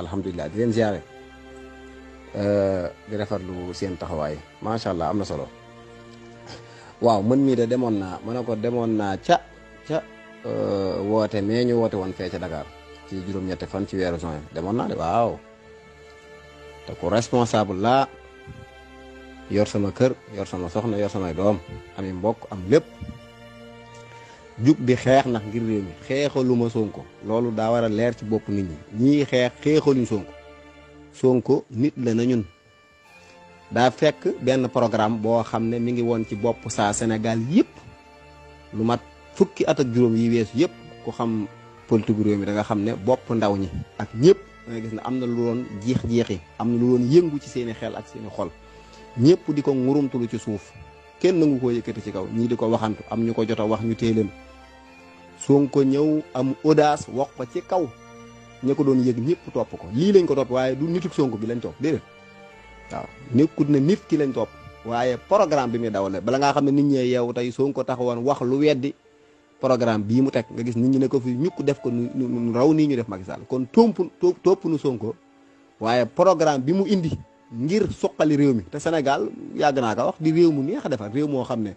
alhamdulilah di leen ziare euh, di rafetlu seen taxawaay macha allah am na solo waaw man mii de demoon naa ma ne ko demoon naa ca ca euh, woote mais ñu woote woon fee ca Dakar ci juróom-ñetti fan ci weeru juin demoon naa de waaw te ku responsable laa yor sama kër yor sama soxna yor samay doom ami mbokk am lépp. jug di xeex ndax ngir réew mi xeexaluma Sonko loolu daa war a leer ci bopp nit ñi ñii xeex xeexaluñ Sonko Sonko nit la na ñun daa fekk benn programme boo xam ne mi ngi woon ci bopp saa Sénégal yëpp lu mat fukki at ak juróom yi wees yëpp ku xam politique réew mi danga xam ne bopp ndaw ñi ak ñëpp da nga gis ne am na lu doon jeex-jeexi am na lu doon yëngu ci seeni xel ak seeni xol ñëpp di ko ngurumtulu ci suuf kenn nangu koo yëkkati ci kaw ñii di ko waxantu am ñu ko jot a wax ñu téeleen Sonko ñëw am audace wax ko ci kaw ña ko doon yëg ñëpp topp ko lii lañ ko topp waaye du nituk Sonko bi lañ topp déedéet waaw nekkut na nit ki lañ topp waaye programme bi muy dawale bala ngaa xam ne nit ñee yeewu tey Sonko taxawoon wax lu weddi programme bii mu teg nga gis nit ñi ne ko fi ñukk def ko nu raw nii ñu def Macky Sall kon tomp topp nu Sonko waaye programme bi mu indi ngir suqali réew mi te Sénégal yàgg naa ko wax di réew mu neex a defar réew moo xam ne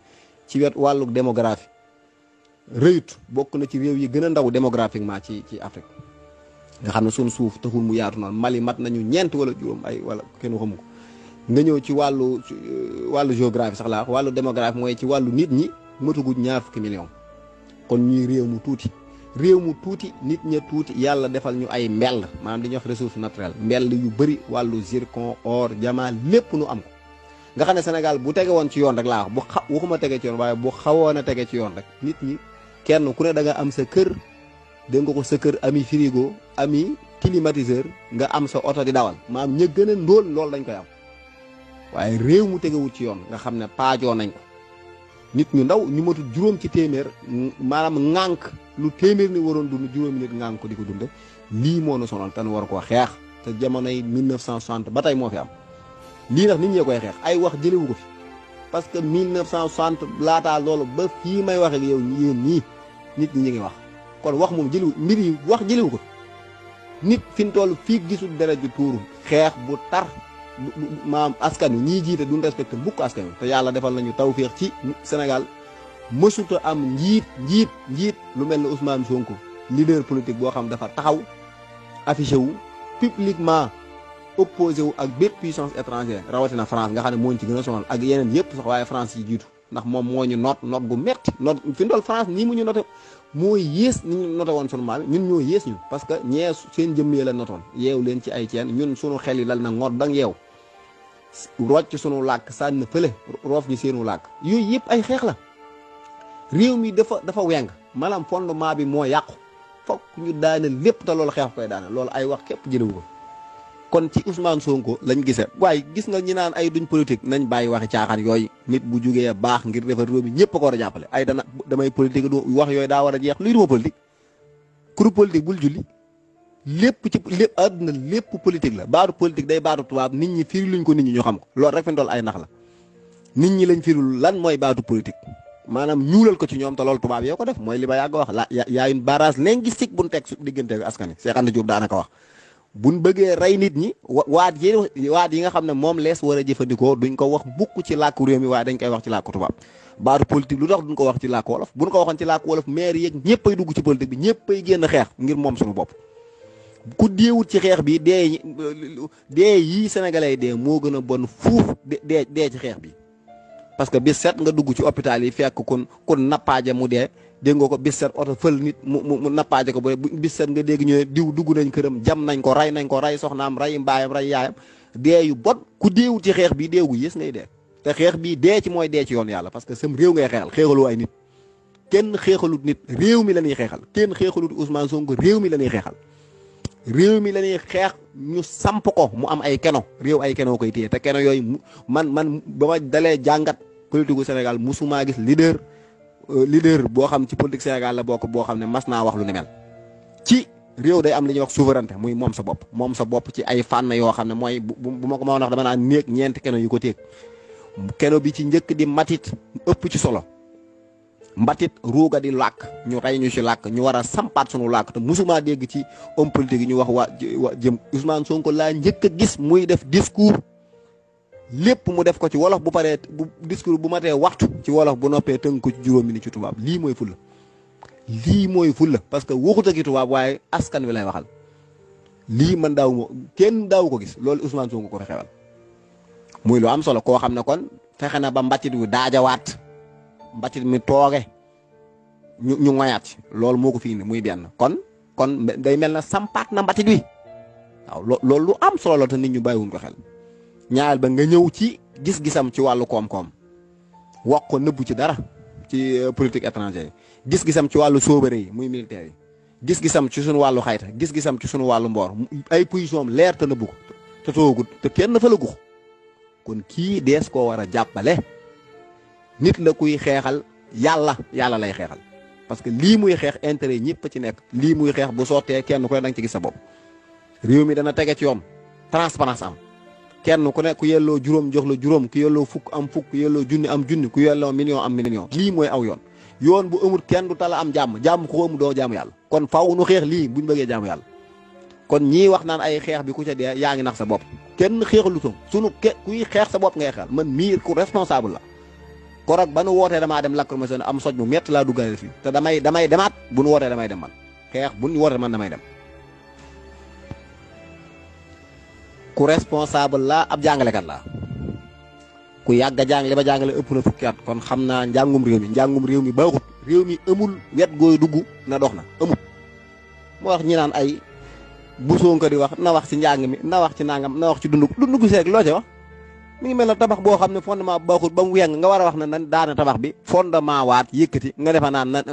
ci wet wàllu démographie rëyut bokk na ci réew yi gën a ndaw démographiquement ci ci Afrique nga xam ne suñu suuf taxul mu yaatu noonu Mali mat nañu ñeent wala juróom ay wala kenn xamu ko nga ñëw ci wàllu euh, wàllu géographie sax laa wàllu mooy ci wàllu nit ñi mataguñ ñaar fukki million kon ñuy réew mu tuuti réew mu tuuti nit ña tuuti yàlla defal ñu ay mbell maanaam li ñuy wax ressource naturelle yu bëri wàllu zircon or jamaa lépp am ko nga xam ne Sénégal bu tege woon ci yoon rek laa wax bu xa waxuma tege ci waaye bu xawoon a tege ci yoon rek nit ñi kenn ku ne da nga am sa kër dégg nga ko sa kër ami frigo ami climatiseur nga am sa oto di dawal maam ña gën a ndóol loolu dañ koy am waaye réew mu tegewul ci yoon nga xam ne paajoo nañ ko nit ñu ndaw ñu matut juróom ci téeméer maanaam ŋànk lu téeméer ni waroon dund juróomi nit ŋànk ko di ko dunde lii moo nu sonal te nu war koo xeex te jamonoy 1960 ba tey moo fi am lii nag nit ñee koy xeex ay wax jëlewu ko fi parce que 1960 laataa loolu ba fii may wax ak yow yéen ñii nit ñi ñu ngi wax kon wax moom jëliwu mbir yi wax jëliwu ko nit fi mu toll fii gisul dara ju tuuru xeex bu tar maam askan wi ñiy jiite duñ respecté bukk askan wi te yàlla defal nañu tawféex ci Sénégal mësuta am njiit njiit njiit lu mel ne Ousmane Sonko leader politique boo xam dafa taxaw affiché wu opposé wu ak bépp puissance étrangère rawatina France nga xam ne mooñ ci gën a sonal ak yeneen yëpp sax waaye France yi jiitu ndax moom moo ñu noot noot gu metti noot fi ndool France nii mu ñu noté moo yées ni ñu noté woon sunu maam ñun ñoo yées ñu parce que ñee seen jëmm yi la notoon yeew leen ci ay ceen ñun sunu xel yi lal na ngoot dang yeew rocc sunu làkk sànn na fële roof ji seenu làkk yooyu yëpp ay xeex la réew mi dafa dafa weng maanaam fondement bi moo yàqu fokk ñu daana lépp te loolu xeex koy daana loolu ay wax képp jëlewu ko kon ci Ousmane Sonko lañ gisee waaye gis nga ñi naan ay duñ politique nañ bàyyi waxi caaxaan yooy nit bu jugee baax ngir defar réew mi ñëpp ko war a jàppale ay dana damay politique wax yooyu daa war a jeex luy duma politique kuru politique bul julli lépp ci lépp àdduna lépp politique la baatu politique day baatu tubaab nit ñi firi luñ ko nit ñi ñu xam ko loolu rek fi dool ay nax la nit ñi lañ firul lan mooy baatu politique maanaam ñuulal ko ci ñoom te loolu tubaab yoo ko def mooy li ma yàgg wax la yaa une barrage linguistique bu ñu teg su diggante askan wi Cheikh Anta Diop daanaka wax buñ bëggee rey nit ñi waat yi waat yi nga xam ne moom lees war a jëfandikoo duñ ko wax mukk ci làkku réew mi waa dañ koy wax ci làkku tubaab baatu politique lu tax duñ ko wax ci làkku wolof buñ ko waxoon ci làkku wolof maire yeeg ñëpp ay dugg ci politique bi ñëpp ay génn xeex ngir moom suñu bopp ku deewut ci xeex bi dee dee yii sénégalais yi dee moo gën a bon fuuf dee dee ci xeex bi parce que bis set nga dugg ci hôpital yi fekk kun kun nappaaje mu dee dégg nga ko bis set oto fël nit mu nappaaje ko bu bis set nga dégg ñu ne diw dugg nañ këram jam nañ ko ray nañ ko ray soxnaam ray mbaayam ray yaayam dee yu bon ku deewul ci xeex bii gu yées ngay dee te xeex bii dee mooy dee ci yoon yàlla parce que sam réew ngay xeexal xeexaloo ay nit kenn xeexalut nit réew mi la ñuy xeexal kenn xeexalut Ousmane Sonko réew mi la ñuy xeexal réew mi la xeex ñu samp ko mu am ay keno réew ay keno koy téye te keno yooyu man man ba ma jàngat politique gu Sénégal gis leader Euh, leader boo xam ci politique Sénégal la bokk boo xam ne mas naa wax lu ni mel ci réew day am li ñuy wax souveraineté muy moom sa bopp moom sa bopp ci ay fànn yoo xam ne mooy bu bu ma ko ma wax dama naa néeg ñeent keno yu ko téeg keno bi ci njëkk di matit ëpp ci solo mbatit ruuga di làkk ñu rey ñu ci làkk ñu war sampaat sunu làkk te musuma ci homme yi ñu wax waa jëm Ousmane Sonko laa njëkk a gis muy def discours lépp mu def ko ci wolof bu paree bu discours bu matee waxtu ci wolof bu noppee tënk ko ci juróomi ni ci tubaab lii mooy fulla lii mooy fulla parce que waxut ak i tubaab waaye askan wi lay waxal lii man daaw ma kenn daaw ko gis loolu Ousmane Sonko ko fi xewal muy lu am solo koo xam ne kon fexe na ba mbatit wi daajawaat mbatit mi tooge ñu ñu ngoyaat ci loolu moo ko fii indi muy benn kon kon day mel na sampaat na mbatit wi waaw loolu lu am solo la te nit ñu bàyyiwuñ ko ñaareel ba nga ñëw ci gis-gisam ci wàllu koom-koom wax ko nëbbu ci dara ci euh, politique étrangère yi gis-gisam ci wàllu soobare yi muy militaire yi gis-gisam ci suñu wàllu xayta gis-gisam ci sunu wàllu mboor ay position leer te nëbbu ko te soo toogut te kenn fa la gux kon kii dees koo war a jàppale nit la kuy xeexal yàlla yàlla lay xeexal parce que lii muy xeex yi ñëpp ci nekk lii muy xeex bu sottee kenn koy danga ci gis sa bopp réew mi dana tege ci yoon kenn ku nekk ku yelloo juróom jox la juróom ku yelloo fukk am fukk ku yelloo junni am junni ku yelloo million am million lii mooy aw yoon yoon bu amul kenn du tala am jàmm jàmm ku ko amul doo jaamu yàlla kon faaw nu xeex lii buñ bëggee jaamu yàlla kon ñii wax naan ay xeex bi ku ca dee yaa ngi nax sa bopp kenn xeexalu toom sunu kuy xeex sa bopp ngay xeexal man mii ku responsable la korog ba nu wootee damaa dem lakk ma seen am soj mu métti laa fii te damay damay demaat bu nu wootee damay dem man xeex bu nu wootee man damay dem ku responsable laa ab jàngalekat laa ku yàgg a jàngale ba jàngale ëpp na fukki kon xam naa njàngum réew mi njàngum réew mi baaxut réew mi amul wet gooy dugg na dox na amul moo wax ñi naan ay bu Sonko di wax na wax ci njàng mi na wax ci nangam na wax ci dund dund gu seeg loo ca wax mi ngi mel na tabax boo xam ne fondement baaxul ba mu weng nga war a wax ne nan daana tabax bi fondement waat yëkkati nga defa naan nan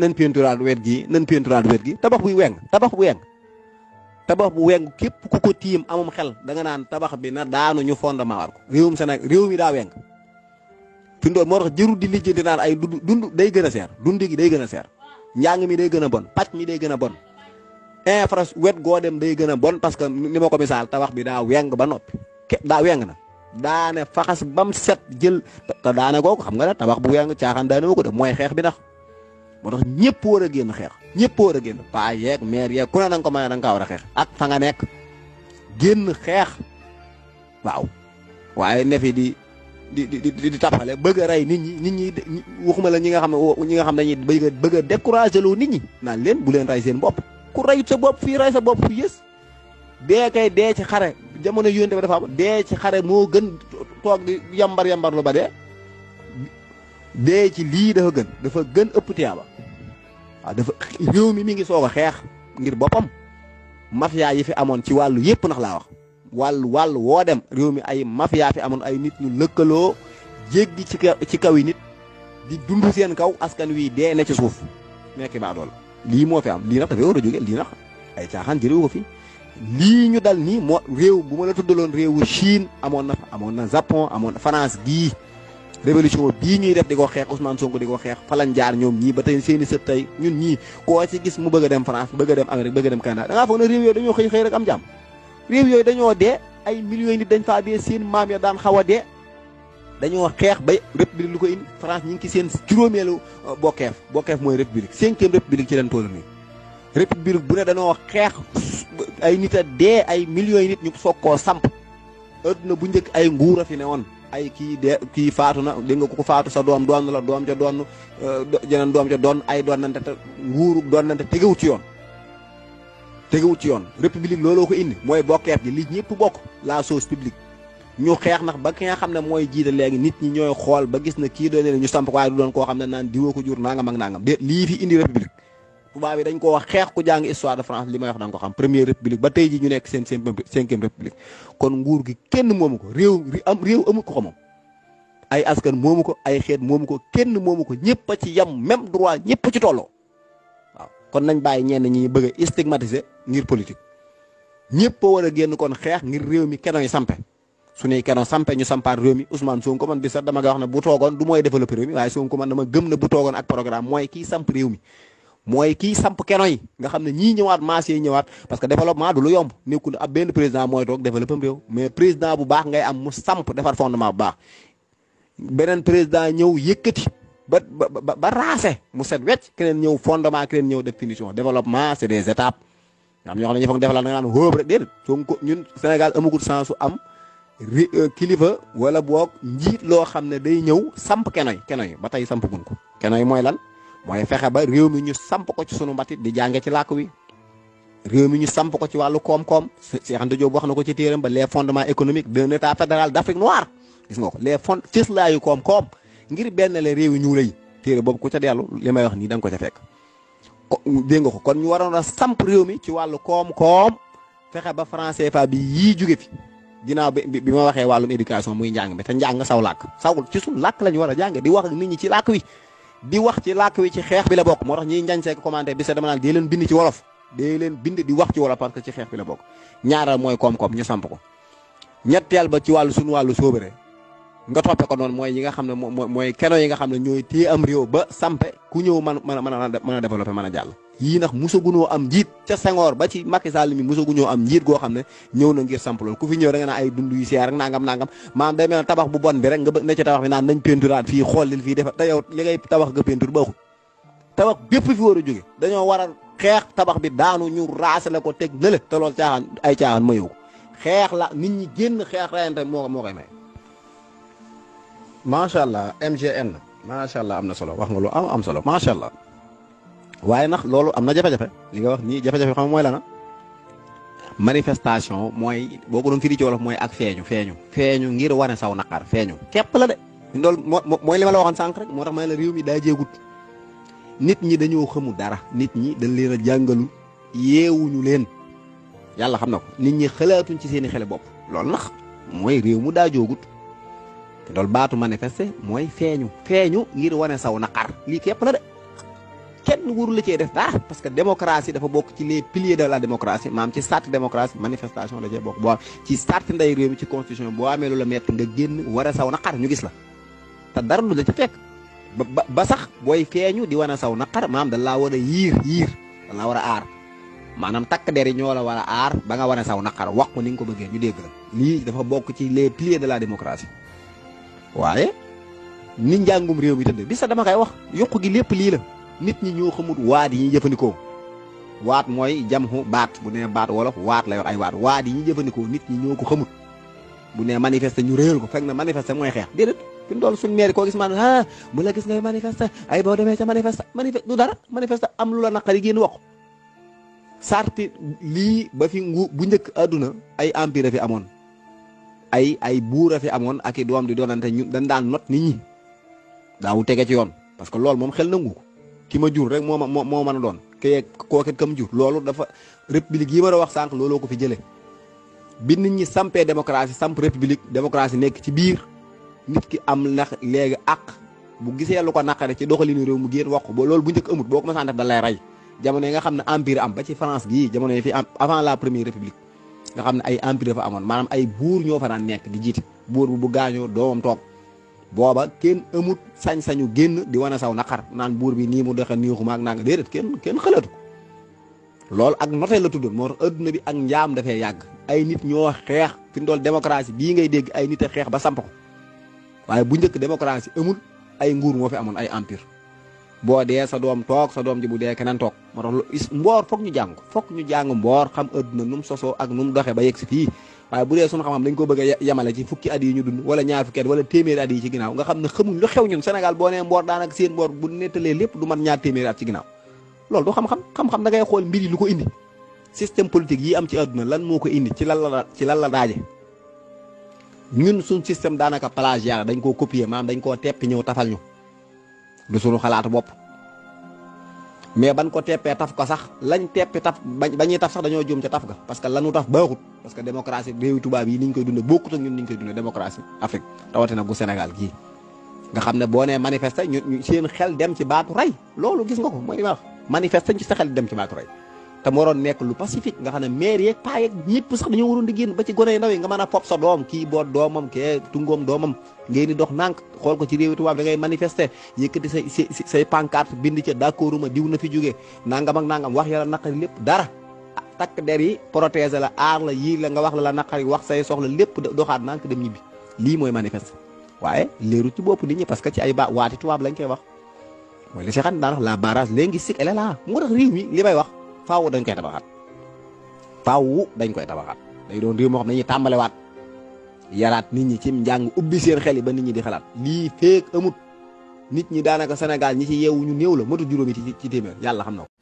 nan peinturaat wet gii nan peinturaat gi tabax buy weng tabax bu weng képp ku ko tiim amum xel da nga naan tabax bi na daanu ñu fondement war ko réewum Sénégal réew mi daa weng fi mu moo jëru di lijji di naan ay dund dund day a seer dund gi day gën a seer njàng mi da gën a bon pàcc mi day gën a bon infra wet goo dem day gën a bon parce que ni ma ko misaal tabax bi daa weng ba noppi képp daa weng na daane faxas bam set jël te daane kooku xam nga ne tabax bu weng caaxaan daane woo ko mooy xeex bi ndax moo tax ñëpp war a génn xeex ñëpp war a génn paa yeeg maire yeeg ku ne da nga ko mën da nga kaa war a xeex ak fa nga nekk génn xeex waaw waaye nefi di di di di tappale bëgg a rey nit ñi nit ñi waxuma la ñi nga xam ne ñi nga xam dañuy bëgg a bëgg a découragé loo nit ñi naan leen bu leen rey seen bopp ku reyut sa bopp fii rey sa bopp fii yës dee kay dee ci xare jamono yónte bi dafa am dee ci xare moo gën toog yambar yambar lu ba dee dee ci lii dafa gën dafa gën ëpp tiyaaba waaw dafa réew mi mi ngi soog a xeex ngir boppam mafia yi fi amoon ci wàllu yëpp ndax laa wax wàllu wàllu woo dem réew mi ay mafia fi amoon ay nit ñu lëkkaloo jéggi ci kaw ci kaw yi nit di dund seen kaw askan wi dee ne ci suuf nekk baadool lii moo fi am lii nag dafay war a jóge lii nag ay caaxaan jëriwu ko fi lii ñu dal nii moo réew bu ma la tuddaloon réewu Chine amoon na fa amoon na Japon amoon na France gii révolution bii ñuy def di ko xeex Ousmane Sonko di ko xeex falan jaar ñoom ñii ba tey seen i ñun ñii koo ci gis mu bëgg a dem France bëgg a dem Amérique bëgg a dem Canada da ngaa foog ne réew yooyu dañoo xëy xëy rek am jàmm réew yooyu dañoo dee ay millions nit dañ faa dee seen maam ya daan xaw a dee dañoo xeex ba république lu ko indi France ñu ngi ci seen juróomeelu euh, bokkeef bokkeef mooy république cinquième république ci leen toll nii république bu ne dañoo xeex ay nit a ay millions yi nit ñu koo samp adduna bu njëkk ay nguur a fi ne woon ay kii de kii faatu na dégg ko ku ko faatu sa doom doon la doom ca doon euh, jeneen doom ca doon ay doonante te nguuru doonante tegewut ci yoon tegewut ci yoon république looloo ko indi mooy bokkeef gi li ñëpp bokk la chose publique ñu xeex ndax ba ki nga xam ne mooy jiite léegi nit ñi ñooy xool ba gis na kii doon ne ñu samp waaye du doon koo xam ne naan diwoo ko jur naa nangam ak naa de lii fi indi république tubaab bi dañ ko wax xeex ku jàng histoire de France li may wax da nga ko xam première république ba tey ji ñu nekk seen république kon nguur gi kenn moomu ko réew am réew amu ko ko ay askan moomu ko ay xeet moomu ko kenn moomu ko ñëpp ci yem même droit ñëpp ci tolloo waaw kon nañ bàyyi ñenn ñi bëgg a stigmatiser ngir politique ñëpp a war a génn kon xeex ngir réew mi kenoy sampe su ñuy kenoo sampe ñu sampaat réew mi Ousmane Sonko man bi sax dama nga wax ne bu toogoon du mooy développer ak programme mooy kii samp réew mi mooy kii samp keno yi nga xam ne ñii ñëwaat maas yi ñëwaat parce que développement du lu yomb nekkul ab benn président mooy toog développé réew mais président bu baax ngay am mu samp defar fondement bu baax beneen président ñëw yëkkati ba ba ba raase mu set wecc keneen ñëw fondement keneen ñëw def finition développement c'est des étapes am ñoo xam ne ñu foog defalaat da nga naan wóob rek déedéet Sonko ñun Sénégal amagul sens su am euh, kilifa wala boog njiit loo xam ne day ñëw samp kenoy kenoy ba tey samp gun ko kenoy mooy lan mooy fexe ba réew mi ñu samp ko ci sunu mbatit di jànge ci làkk wi réew mi ñu samp ko ci wàllu koom-koom Cheikh Anta wax na ko ci téeram ba les fondement économiques d'un état fédéral d'Afrique noire gis nga ko les fond cëslaayu koom-koom ngir benn le réew yi ñu lay téere boobu ku ca dellu li may wax nii da ko ca fekk dégg nga ko kon ñu waroon a samp réew mi ci wàllu koom-koom fexe ba franc CFA bi yii jóge fi ginnaaw bi bi ma waxee wàllum éducation muy njàng mi te njàng saw làkk sawul ci war jàng di wax ak ñi ci làkk wi di wax ci làkk wi ci xeex bi la bokk moo tax ñiy njañ seek commenté bi sa dama naan dee leen bind ci wolof dee leen bind di wax ci wolof parce que ci xeex bi la bokk ñaaral mooy koom-koom ñu samp ko ñett ñetteel ba ci wàllu suñu wàllu sóobare nga toppe ko noon mooy ñi nga xam ne mooy keno yi nga xam ne ñooy téye am réew ba sampe ku ñëw mën mën a mën a développé mën a jàll yii ndax musaguñoo am njiit ca Senghor ba ci Macky Sall mi musaguñoo am njiit goo xam ne ñëw na ngir samp loolu ku fi ñëw da nga ay dund yu seer rek nangam nangam maanaam day mel tabax bu bon bi rek nga bëgg ne ci tabax naan nañ peinturaat fii xoolil fii defa te yow li ngay tabax nga peinture baaxul tabax bépp fi war a jóge dañoo war a xeex tabax bi daanu ñu raasale ko teg na la te loolu caaxaan ay caaxaan ma yow xeex la nit ñi génn xeex rayante moo moo koy may macha allah MGN macha allah am na solo wax nga lu am am solo macha allah waaye nag loolu am na jafe-jafe li nga wax nii jafe-jafe xam mooy la na ah? manifestation mooy boo ko doon firi ci wolof mooy ak feeñu feeñu feeñu ngir wane saw na naqar feeñu képp la mooy la waxoon sànq rek moo tax ma ne mi daa nit ñi dañoo xamul dara nit ñi dañ leen a jàngalu yeewuñu leen yàlla xam na ko nit ñi xalaatuñ ci seen i xele bopp loolu nag mooy réew mu daa joogut te loolu baatu manifester mooy feeñu feeñu ngir wane saw naqar lii képp la de kenn wuru la cee def dara parce que démocratie dafa bokk ci les piliers de la démocratie maam ci charte démocratie manifestation la cee bokk boo ci charte nday réew mi ci amee lu la metti nga génn war a saw naqar ñu gis la te dara lu la ci fekk ba ba sax booy feeñu di wan a saw naqar maam dañ laa war a yiir yiir dañ laa war a aar maanaam takk der yi ñoo la war a aar ba nga war a saw naqar wax ko ni nga ko bëggee ñu dégg la lii dafa bokk ci les piliers de la démocratie waaye ni njàngum réew mi tëdd bi sa dama kay wax yokku gi lépp lii la nit ñi ñoo xamut waat yi jëfandikoo waat mooy jamxu baat bu nee baat wolof waat la yor ay waat waat yi ñuy jëfandikoo nit ñi ñoo ko xamut bu nee manifester ñu réyal ko fekk na manifester mooy xeex déedéet fi mu doon suñu maire koo gis maanaam ah bu la gis ngay manifester ay boo demee ca manifester manifester du dara manifester am lu la naqari génn wax sarti lii ba fi ngu bu njëkk àdduna ay empire fi amoon ay ay buur a fi amoon ak i doom di doonante ñu dañ daan not nit ñi daawu tege ci yoon parce que loolu moom xel nangu ki ma jur rek moo ma moo mën a doon kee kooket kam jur loolu dafa république yi ma doon wax sànq looloo ko fi jëlee bi nit ñi sampee démocratie samp république démocratie nekk ci biir nit ki am ndax léegi àq bu gisee lu ko naqare ci doxalinu réew mu génn wax ko ba loolu bu njëkk amut boo ko mësaan def da rey jamono yi nga xam ne empire am ba ci France gii jamono yi fi am avant la première république nga xam ne ay empire dafa amoon maanaam ay buur ñoo fa daan nekk di jiite buur bu bu gaañoo doomam toog booba kenn amut sañ-sañu génn di wane saw na naqar naan buur bi nii mu doxe niixuma ak nanga déedéet kenn kenn xalaatu ko loolu ak notee la tuddoon moo tax adduna bi ak njaam dafee yàgg ay nit ñoo xeex fi mu dool démocratie bii ngay dégg ay nit a xeex ba samp ko waaye bu njëkk démocratie amul ay nguur moo fi amoon ay empire boo dee sa doom toog sa doom ji bu dee keneen toog moo mboor foog ñu jàng foog ñu jàng mboor xam adduna nu mu sosoo ak nu mu doxee ba yegg si fii waaye bu dee suñu xam-xam dañ ko bëgg a yemale ci fukki at yi ñu dund wala ñaar fukki at wala téeméeri at yi ci ginnaaw nga xam ne xamuñ lu xew ñun Sénégal boo nee mboor daanaka seen mboor bu nettalee lépp du mat ñaar téeméeri at ci ginnaaw loolu du xam-xam xam da ngay xool mbir yi lu ko indi système politique yi am ci àdduna lan moo ko indi ci lan la ci lan la daaje ñun suñ système daanaka plagiat dañ koo copier maanaam dañ koo tepp ñëw tafal ñu du suñu xalaatu bopp mais ban ko teppee taf ko sax lañ teppi taf ba ñuy taf sax dañoo juum ca taf ka parce que lanu taf baaxut parce que démocratie réewi tubaab yi ni koy dunde bokkut ak ñun ni ñu koy dunde démocratie Afrique gu Sénégal gii nga xam ne boo nee manifester ñu seen xel dem ci baatu rey loolu gis nga ko mooy li ma wax manifester ci sa xel dem ci baatu te mu waroon nekk lu pacifique nga xam ne maire yeeg paa yeeg ñëpp sax dañoo waroon di ba ci gone ndaw yi nga mën a pop sa doom kii boot doomam kee tungoom doomam ngeen di dox nànk xool ko ci réewi tubaab da ngay manifester yëkkati say say say pancarte bind ca d'accord ma diw na fi jógee nangam ak nangam wax yàlla naqari lépp dara. Ah, takk der yi protéger la aar la yii la nga wax la la naqari wax say soxla lépp doxaat nànk dem ñibbi lii mooy manifester waaye leeru ci bopp nit ñi parce que ci ay ba waati tubaab lañ koy wax mooy li si xam ne la barrage linguistique li may wax faaw dañ koy tabaxaat faaw dañ koy tabaxaat day doon réew moo xam ne dañuy yaraat nit ñi ci njàng ubbi seen xel yi ba nit ñi di xalaat lii feek amut nit ñi daanaka Sénégal ñi ci yeewu ñu néew la matu juróomi ci ci téeméer yàlla xam na ko